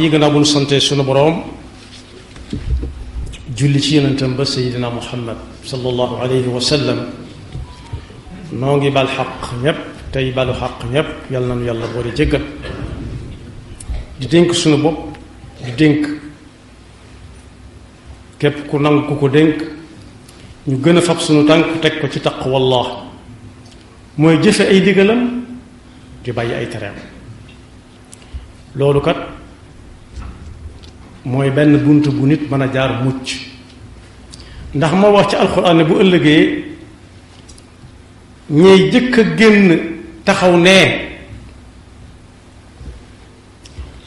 ñi gannaaw bu ñu sante sunu borom julli ci yonentam ba sayyidina muhammad sallallahu alayhi wa sallam no ngi bal haq ñep tay balu haq ñep yàlla nañu yàlla boori jéggal di dénk sunu bop di dénk kep ku nang ku ko dénk ñu gëna a fab sunu tànk tek ko ci taqwallah moy jëfe ay digëlam di bàyyi ay tereem lolu kat mooy benn bunt bu nit mën a jaar mucc ndax ma wax ci alquran ne bu ëllëgee ñey jëkk a génn taxaw nee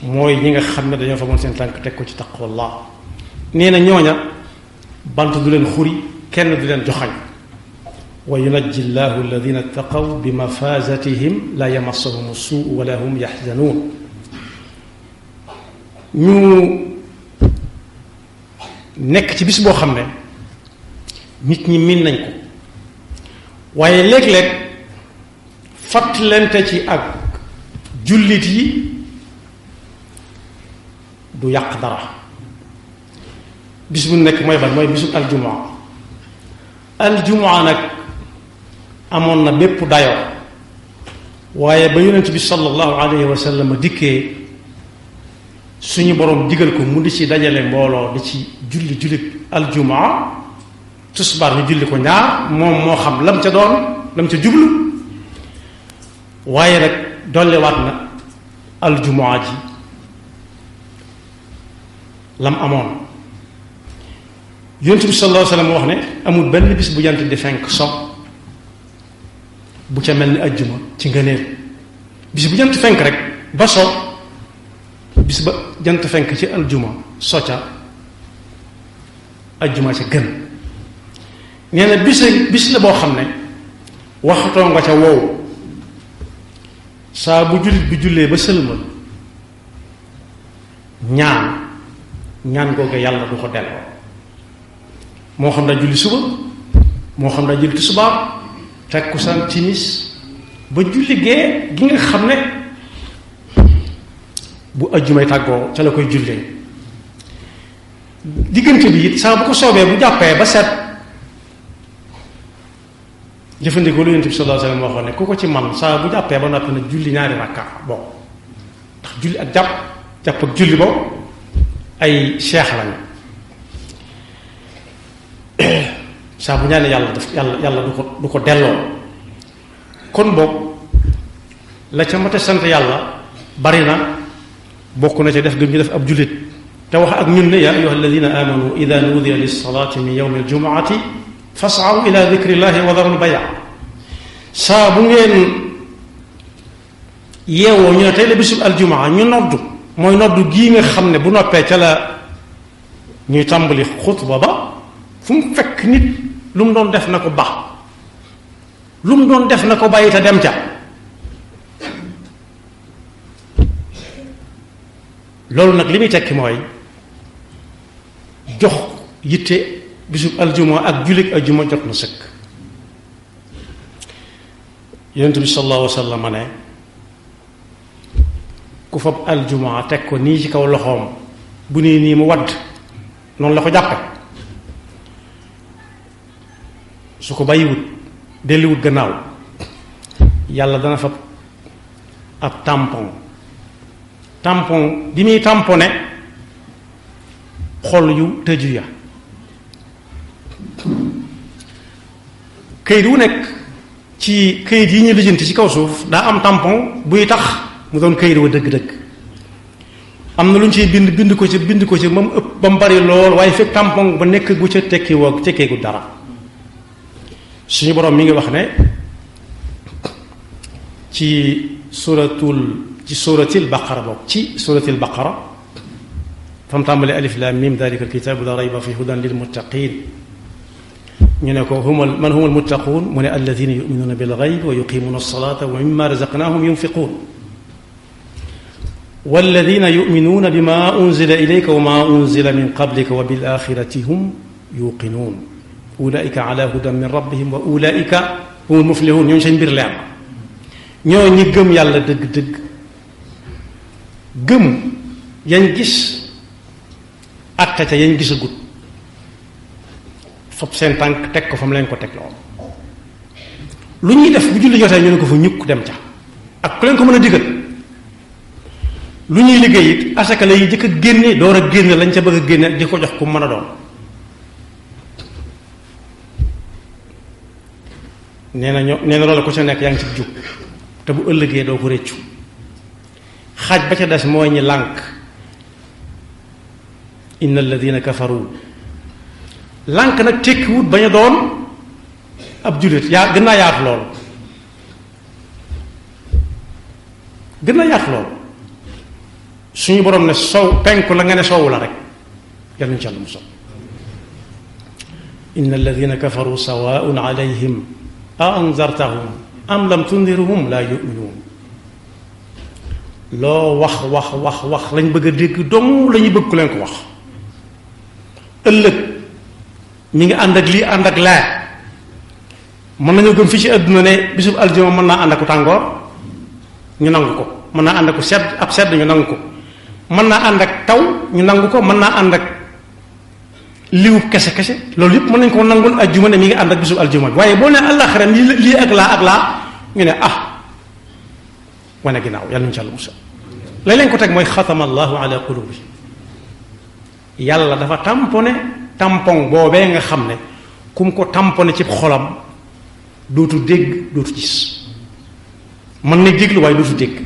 mooy ñi nga xam ne dañoo fa moon seen tànk teg ko ci taqwallah nee na ñooña bant du leen xuri kenn du leen joxañ wa yunajji llahu alladina taqaw bi mafazatihim la yamassahum suu wala hum yaxzanuun ñu nekk ci bis boo xam ne nit ñi min nañ ko waaye léeg-léeg fàttalante ci ak jullit yi du yàq dara bis bu nekk mooy ban mooy bisu aljumaa aljumaa nag amoon na bépp dayo waaye ba yonent bi sallallahu alayhi wa sallam dikkee suñu borom digal ko mu di ci dajale mbooloo di ci julli julli aljumaa tusbaar ñu julli ko ñaar moom moo xam lam ca doon lam ca jublu waaye nag dolliwaat na aljumaa ji lam amoon yontu bi sallallahu alayhi wasallam wax ne amul benn bis bu jant di fenk so bu ca mel ni ajjuma ci ngëneel bis bu jant fenk rek ba so bis ba jant fenk ci aljuma al juma ci gën nee bis bis la bo xamne waxto nga ca wow Sa bu julit bi jullee ba selma ñaan ñaan googu yalla du ko del mo xam daa julli suba mo xam daa julli timis ba julli ge gi nga xamne bu ajjumay tàggoo ca la koy jullee diggante bi it saa bu ko soobee bu jàppee ba set jëfandikoo lu yonent bi sallallahu alayhi wa sallam ne ku ko ci man saa bu jàppee ba noppi na julli ñaari rakka bon ndax julli ak jàpp jàpp ak julli boobu ay seex lañ saa bu ñaanee yàlla daf yàlla yàlla du ko delloo kon boog la ca mate sant yàlla bari na bokk na ca def gëm ñu def ab jullit te wax ak ñun ne yaa ayuha alladina amanu ida nuudiya lilsalati min yawmi aljumaati fasaw ila dikrillahi wa daru lbaya saa bu ngeen yeewoo ñu ne tey la bisub aljumaa ñu noddu mooy noddu gii nga xam ne bu noppee ca la ñuy tàmbali xutba ba fu mu fekk nit lu mu doon def na ko ba lu mu doon def na ko bàyyi te dem ca loolu nag li muy tekki mooy jox yitte bisub aljuma ak jullit aljuma jot na sëkk yonent bi sallallahu alayhi ne ku fab aljuma teg ko nii ci kaw loxoom bu nii nii mu wadd noonu la ko jàppe su ko bàyyiwut delliwut gannaaw yàlla dana fab ab tampon tampon bi muy tamponné xol yu tëju ya këyit wu nekk ci këyit yi ñu lijjanti ci kaw suuf daa am tampon buy tax mu doon këyit wa dëgg-dëgg am na lu ñu ciy bind bind ko ci bind ko ci ba mu ëpp ba mu bari lool waaye fekk tampon ba nekk gu ca tekki woo tekkee gu dara suñu borom mi ngi wax ne ci suratul ci suratil baqara bok ci suratil baqara fam tambale alif lam mim dhalika alkitab la rayba fi hudan lil muttaqin ñu ne ko humal man humal muttaqun mu ne alladhina yu'minuna bil ghayb wa yuqimuna as-salata wa mimma razaqnahum yunfiqun والذين يؤمنون بما أنزل إليك وما أنزل من قبلك وبالآخرة هم يوقنون أولئك على هدى من ربهم وأولئك هم المفلحون ñoo seen mbir leer ñoo ñi gëm yàlla dëgg dëgg gëm yañ gis atte ca yañ gisagut fop sen tank tek ko fam leen ko tek lo lu ñuy def bu julli jotay ñu ko fa ñuk dem ca ak ku leen ko mëna digal lu ñuy liggéey it asaka lay jëk jëkk a génne door lañ ca bëgg a di ko jox ku mëna doon neena ñoo neena loolu ku ca nekk ci juk te bu ëllëgé do ko réccu xaaj ba ca des mooy ñi lànk inna alladina kafaru lànk nag tekkiwut bañ a doon ab jullit yaa gën naa yaatu lool gën naa yaatu lool suñu borom ne sow penku la nga ne soowu la rek yal nañu ci yàlla musal inna alladina kafaru sawaun alayhim a anzartahum am lam tundirhum laa yuminuun lo wax wax wax wax lañ bëgg dégg dong lañu bëgg ku leen ko wax ëllëg mi ngi ànd ak lii ànd ak laa mën nañoo gëm fi ci aduna ne bisub aljuma mën naa ànd ak tàngoor ñu nangu ko mën naa ànd ak sedd ab sedd ñu nangu ko mën naa ànd ak taw ñu nangu ko mën naa ak liw kese kese loolu yëpp mën nañ ko nangul aljuma ne mi ngi ànd ak bisub aljuma waaye boo ne àllaxira lii ak laa ak laa ñu ne ah wane ginnaaw yàlla nañu ci yàlla musal lañ leen ko teg mooy xatama allahu ala qulubi yàlla dafa tamponné tampon boobee nga xam ne ku mu ko tamponné ci xolam dootu dégg dootu gis mën na déglu waaye dootu dégg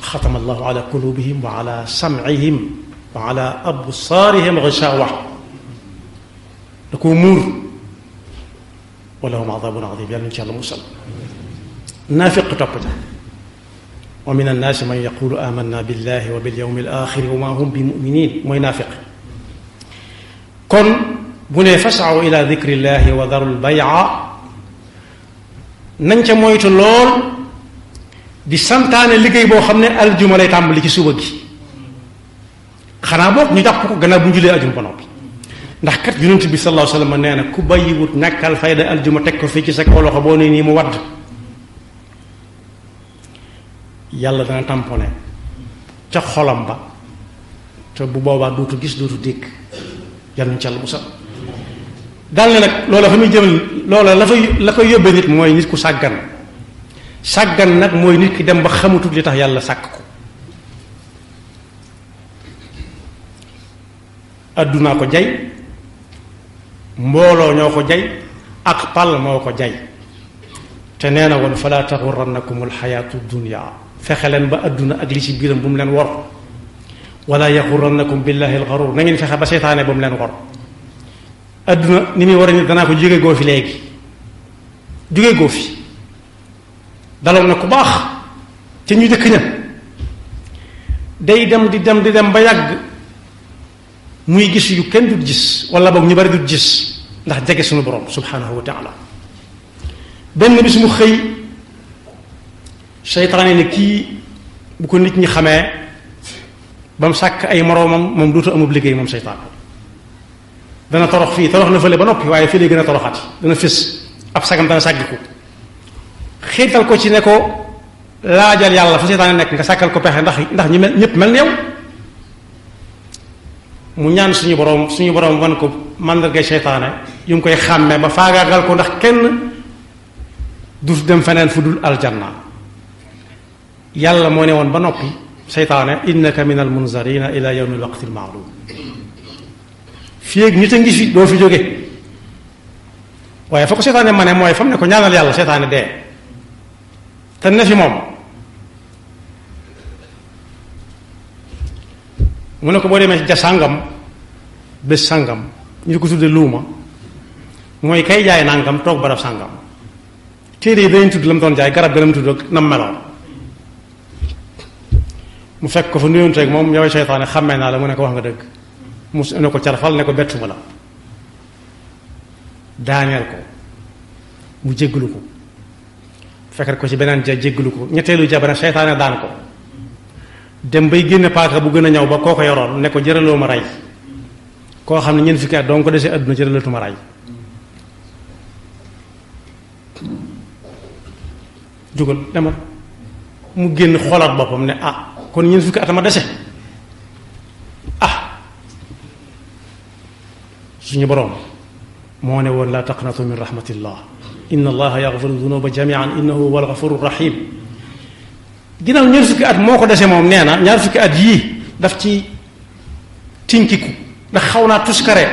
xatama allahu ala qulubihim wa ala samcihim wa ala absaarihim gishawa da koo muur wa lahum adabun adim yàlla nañu ci yàlla musal نافق تبت ومن الناس من يقول آمنا بالله وباليوم الآخر وما هم بمؤمنين وينافق كن بني فسعوا إلى ذكر الله وذروا البيع ننك مويت اللول دي سمتان اللي كي بو خمنا الجملة تعمل كي سوى كي خنا بوك نجاك بوك غنا بنجلي أجن بنوب نحكت جنون تبي صلى الله عليه وسلم نانا كوبايي ووت نكال فايدة الجملة تكو فيكي سكولو خبوني نيمو ورد yàlla dana tamponné ca xolam ba te bu boobaa dootu gis dootu dékk yàlla ca la bu sax daal ne nag loola fa muy jëmal loola la fay la koy yóbbee nit mooy nit ku sàggan sàggan nag mooy nit ki dem ba xamatut li tax yàlla sàkk ko addunaa ko jay mbooloo ñoo ko jay ak pal moo ko jay te nee na woon fala taxurrannakum xayaatu dunya فخلن با ادنا اك لي سي بيرم بوم لين وور ولا يغرنكم بالله الغرور نين فخ با شيطان بوم لين وور ادنا نيمي وراني دانا كو جيغي غوفي ليغي جيغي غوفي دالون نكو باخ تي ني ديك ني داي دم دي دم دي دم با ياغ موي غيس يو كين دوت جيس ولا بو ني بار دوت جيس ndax jege sunu borom seytaane ne kii bu ko nit ñi xamee ba mu sàkk ay moroomam moom duutu amub liggéey moom seytaan dana torox fii torox na fële ba noppi waaye fële gën a dana fés ab sagam dana sàggiku xiirtal ko ci ne ko laajal yàlla fa seytaane nekk nga sàkkal ko pexe ndax ndax ñi mel mel mu ñaan suñu borom suñu borom wan ko màndargay seytaane yu mu koy ba ko ndax kenn dem aljanna yàlla moo ne woon ba noppi seytaane innaka min al munzarina ila yawmi alwaqti almaalum fii ak nit a ngi fi doo fi jóge waaye fa ko seytaane ma ne mooy fam ne ko ñaanal yàlla seytaane de te ne fi moom mu ne ko boo demee ja sàngam bés sàngam ñu ko tudde luuma mooy kay jaay nangam toog barab sàngam téere yi dañu tudd la mu doon jaay garab ga la mu tudd ak nam meloon mu fekk ko fa nuyonteeg moom yow seytaane xàmmee naa la mu ne ko wax nga dëgg mu ne ko carfal ne ko bettuma la daaneel ko mu jéggalu ko fekk ko ci beneen ja jéggalu ko ñetteelu ja ba ne seytaane daan ko dem bay génne paaka bu gën a ñaw ba koo ko yoroon ne ko jëraloo ma rey koo xam ne ñeent fukki at donc ko desee àdduna ma rey jugal demal mu génn xoolaat boppam ne ah kon ñeent fukki atama dese ah suñu boroom moo ne woon laa taqnatu min rahmatillah inna allaha yaxfiru dunuba jamian innahu huwa alxafuru rahim ginnaaw ñaar fukki at moo ko dese moom nee na ñaar fukki at yii daf ci tinkiku ndax xaw naa tuskare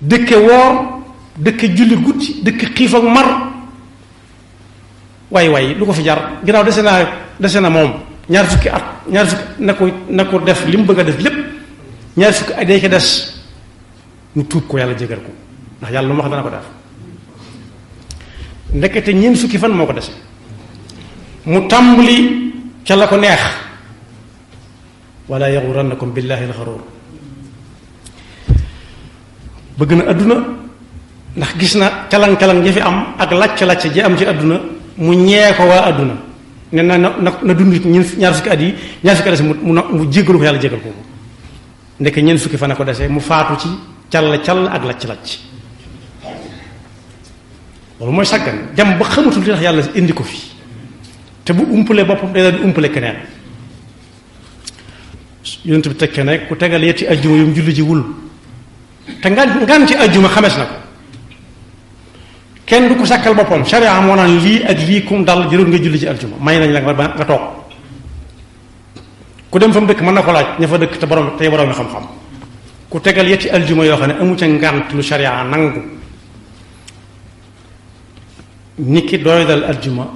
dëkke woor dëkke julli guddi dëkke xiif ak mar waay waay lu ko fi jar ginnaaw dese naa dese na moom ñaar fukki at ñaar fukki na ko na ko def li mu bëgg a def lépp ñaar fukki at day ko des mu tuub ko yàlla jégal ko ndax yàlla lu ma wax dana ko def ndekete ñeent fukki fan moo ko dese mu tàmbali ca la ko neex wala yaxurannakum billahi alxaruur bëgg na àdduna ndax gis na calan-calan ja fi am ak làcc-làcc ji am ci àdduna mu ñee ko waa adduna ne na na na dund ñun ñaar fukki at yi ñaar fukki at dese mu mu jéggalu ko yàlla jéggal ko ndekk ñeent fukki fan a ko dese mu faatu ci call call ak lacc lacc loolu mooy sàggan dem ba xamatul li tax yàlla indi ko fi te bu umpalee boppam day daal di umpale keneen yonent bi tekkee ne ku tegal yetti ajjuma yum julli ji wul te ngan ngan ci ajjuma xames na ko kenn du ko sàkkal boppam sharia mo nan li ak li kum dal jëlul nga julli ci aljuma may nañ la nga tok ku dem fam dekk man nako laaj ña fa dekk te borom borom xam-xam ku tegal yetti aljuma yo xane amu ci ngant lu sharia nangu niki doy dal aljuma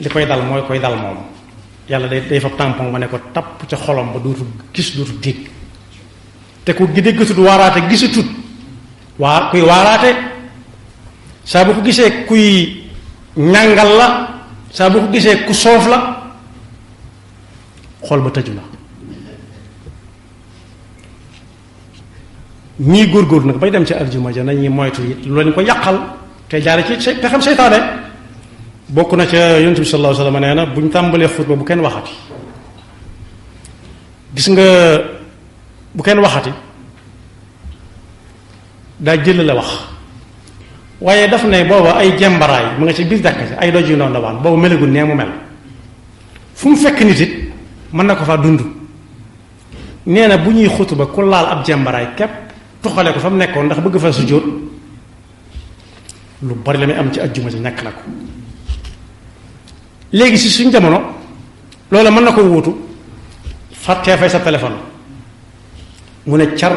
li koy dal moy koy dal mom yalla day day fab tampon ba ne ko tap ci xolom ba dootu gis dootu dégg te ku gi déggatut waaraate gisatut waa sa bu ko gisee kuy ñàngal la sa bu ko gisee ku soof la xol ba tëju na ñii góorgóor nag bay dem ci aljuma ja nañuy moytu it lu leen ko yàqal te jaare ci te xam seytaane bokk na ca yonte bi sallallahu alayhi nee na buñ tàmbalee xutba bu kenn waxati gis nga bu kenn waxati daa jël la wax waaye daf nay booba ay jembaraay mu nga ci biir jàkka ci ay doj yu ndaw ndawaan booba melagul nee mu mel fu mu fekk nit it mën na ko faa dund nee na bu ñuy xutuba ku laal ab jembaraay képp tuxale ko fa mu nekkoon ndax bëgg fa sujjóot lu bari la muy am ci ajjuma ci ñàkk na ko léegi si suñ jamono loolu mën na ko wuutu fàttee fay sa téléphone mu ne car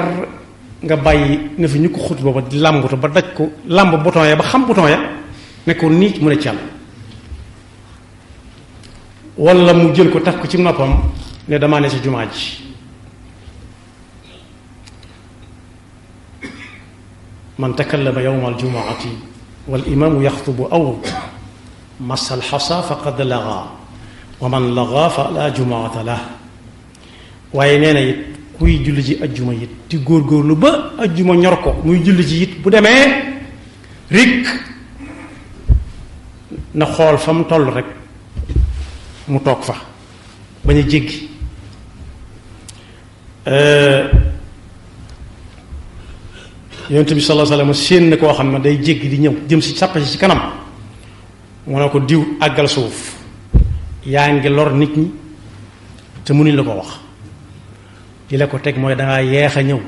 nga bàyyi na fi ñu ko xutba ba làmbatu ba daj ko làmb bouton ya ba xam bouton ya ne ko nii mu ne càll wala mu jël ko taf ci noppam ne dama ne ci jumaa ji man takallama jumaati wal imam yaxtubu aw massa alxasa faqad laga wa man laga fa la jumaata lah waaye nee na it kuy julli ji ajjuma it di lu ba aljuma ñor ko muy julli ci yit bu demee rik na xool fam toll rek mu toog fa bañ a jéggi euh, yonente bi sallallahu alayhi wasallam seen ko xam day jéggi di ñew jëm si sapp ci kanam mu ko diw agal suuf yaa ngi lor nit ñi te la ko wax li la ko teg mooy dangaa yeex a ñëw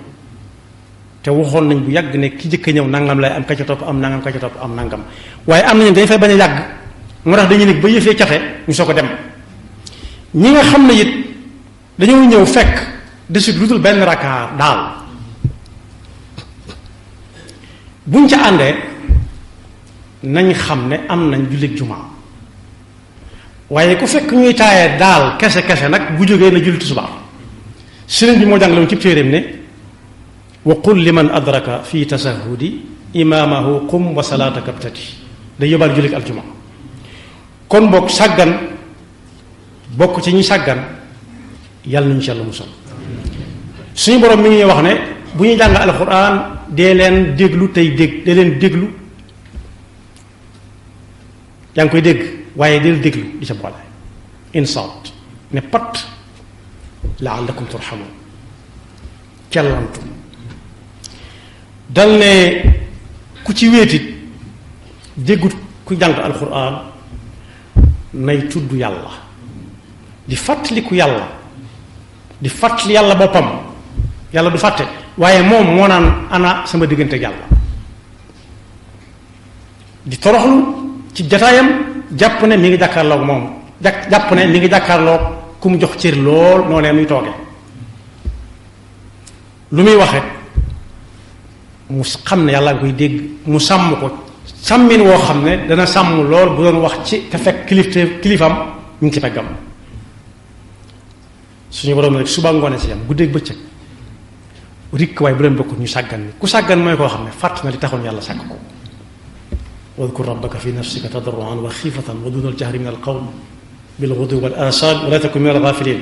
te waxoon nañ bu yàgg ne ki jëkk a ñëw nangam lay am ka ca am nangam ka am nangam waaye am nañu dañ fay bañ a yàgg moo tax dañuy nekk ba yëfee cafe ñu soo ko dem ñi xam ne it dañoo ñëw fekk de suite lu dul benn rakaar daal buñ ca àndee nañ xam ne am nañ jullit jumaa waaye ku fekk ñuy taayee daal kese kese nag bu jógee na jullit tisbaar sëriñ bi moo jàngale woon ci téeréem ne wa qul liman adraka fi tasahudi imaamahu qum wa salaataka btati day yóbbaal jullit aljuma kon bokk sàggan bokk ci ñi sàggan yàlla nañu ci yàlla musal suñu borom mi ngi wax ne bu ñu jàng alxuraan dee leen déglu tey dégg dee leen déglu yaa ngi koy dégg waaye dee leen déglu di sa boole instant ne pat laallakum turhamun kellantu dal ne ku ci wéetit déggut ku jàng alquran nay tudd yàlla di fàttaliku yalla di fatli yàlla boppam yàlla du fàtte waaye moom moo naan ana sama diggante yàlla di toroxlu ci jataayam jàpp ne mi ngi jàkkaarloog moom ne mi ngi ku mu jox cër lool moo noonee muy tooge lu muy waxe mu xam ne yàlla koy dégg mu sàmm ko sàmmin woo xam ne dana sàmm lool bu doon wax ci te fekk kilif kilifam ñu ngi ci feggam suñu borom rek suba ngoone si yam guddeeg bëccëg rikk waaye bu leen bokk ñu sàggan ni ku sàggan mooy koo xam ne fàtt na li taxoon yàlla sàkk ko wadkur rabbaka fi nafsika tadarruan wa xiifatan wa dunal jahri min al بالغدو والآصال ولا تكن من الغافلين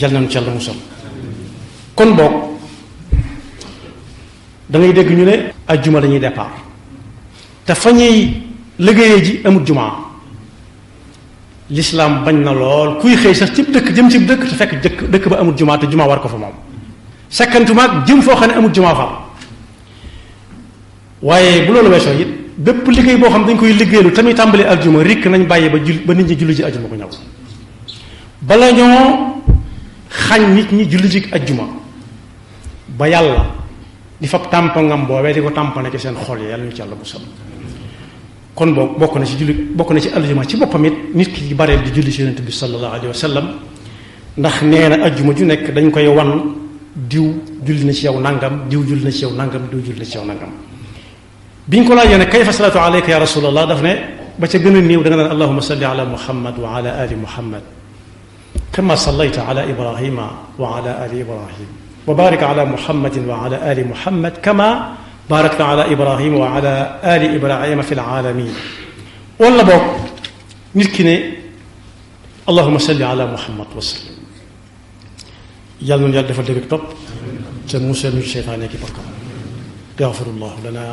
يلنا إن شاء الله مسلم كن بوك دعني دعني نه أجمع دعني دعاء تفني لغيري جي أم الجمعة الإسلام بنى لول كوي خيسة تب دك جم تب دك تفك دك دك بأم الجمعة الجمعة واركو فمام سكنتوا جم فوقنا أم الجمعة فا واي بلو لو بشويت bépp liggéey boo xam dañ koy liggéeylu tamit tàmbali aljuma rikk nañ bàyyi ba jul ba nit ñi julli ji aljuma ko ñaw bala ñoo xañ nit ñi julli ji aljuma ba yàlla di fab tàmpangam boobee di ko tàmpane ci seen xol yi yàlla ñu ci yàlla kon bo bokk na ci julli bokk na ci aljuma ci boppam it nit ki di julli ci yonente bi sallallahu alayhi wa sallam ndax nee na aljuma ju nekk dañ koy wan diw julli na ci yow nangam diw julli na ci yow nangam diw julli na ci yow nangam biñ ko laajee ne kayfa salatu alayka ya rasulallah daf ne ba ca gën a néew da nga naan allahuma salli ala muhammad wa ala ali muhammad kama sallayta ala ibrahima wa ala ali ibrahim wa barik ala muhammadin wa ala ali muhammad kama barakta ala ibrahima wa ala ali ibrahima fi lalamin wala boog nit ki ne allahuma salli ala muhammad wa sallim yàlla noonu yàlla defal dëgg topp te musal ñu seytaane ki bakkan yaxfirullahu lana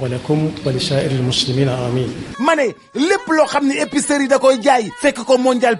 ولكم ولسائر المسلمين امين ماني لب لو خامني ابيستري جاي فك كو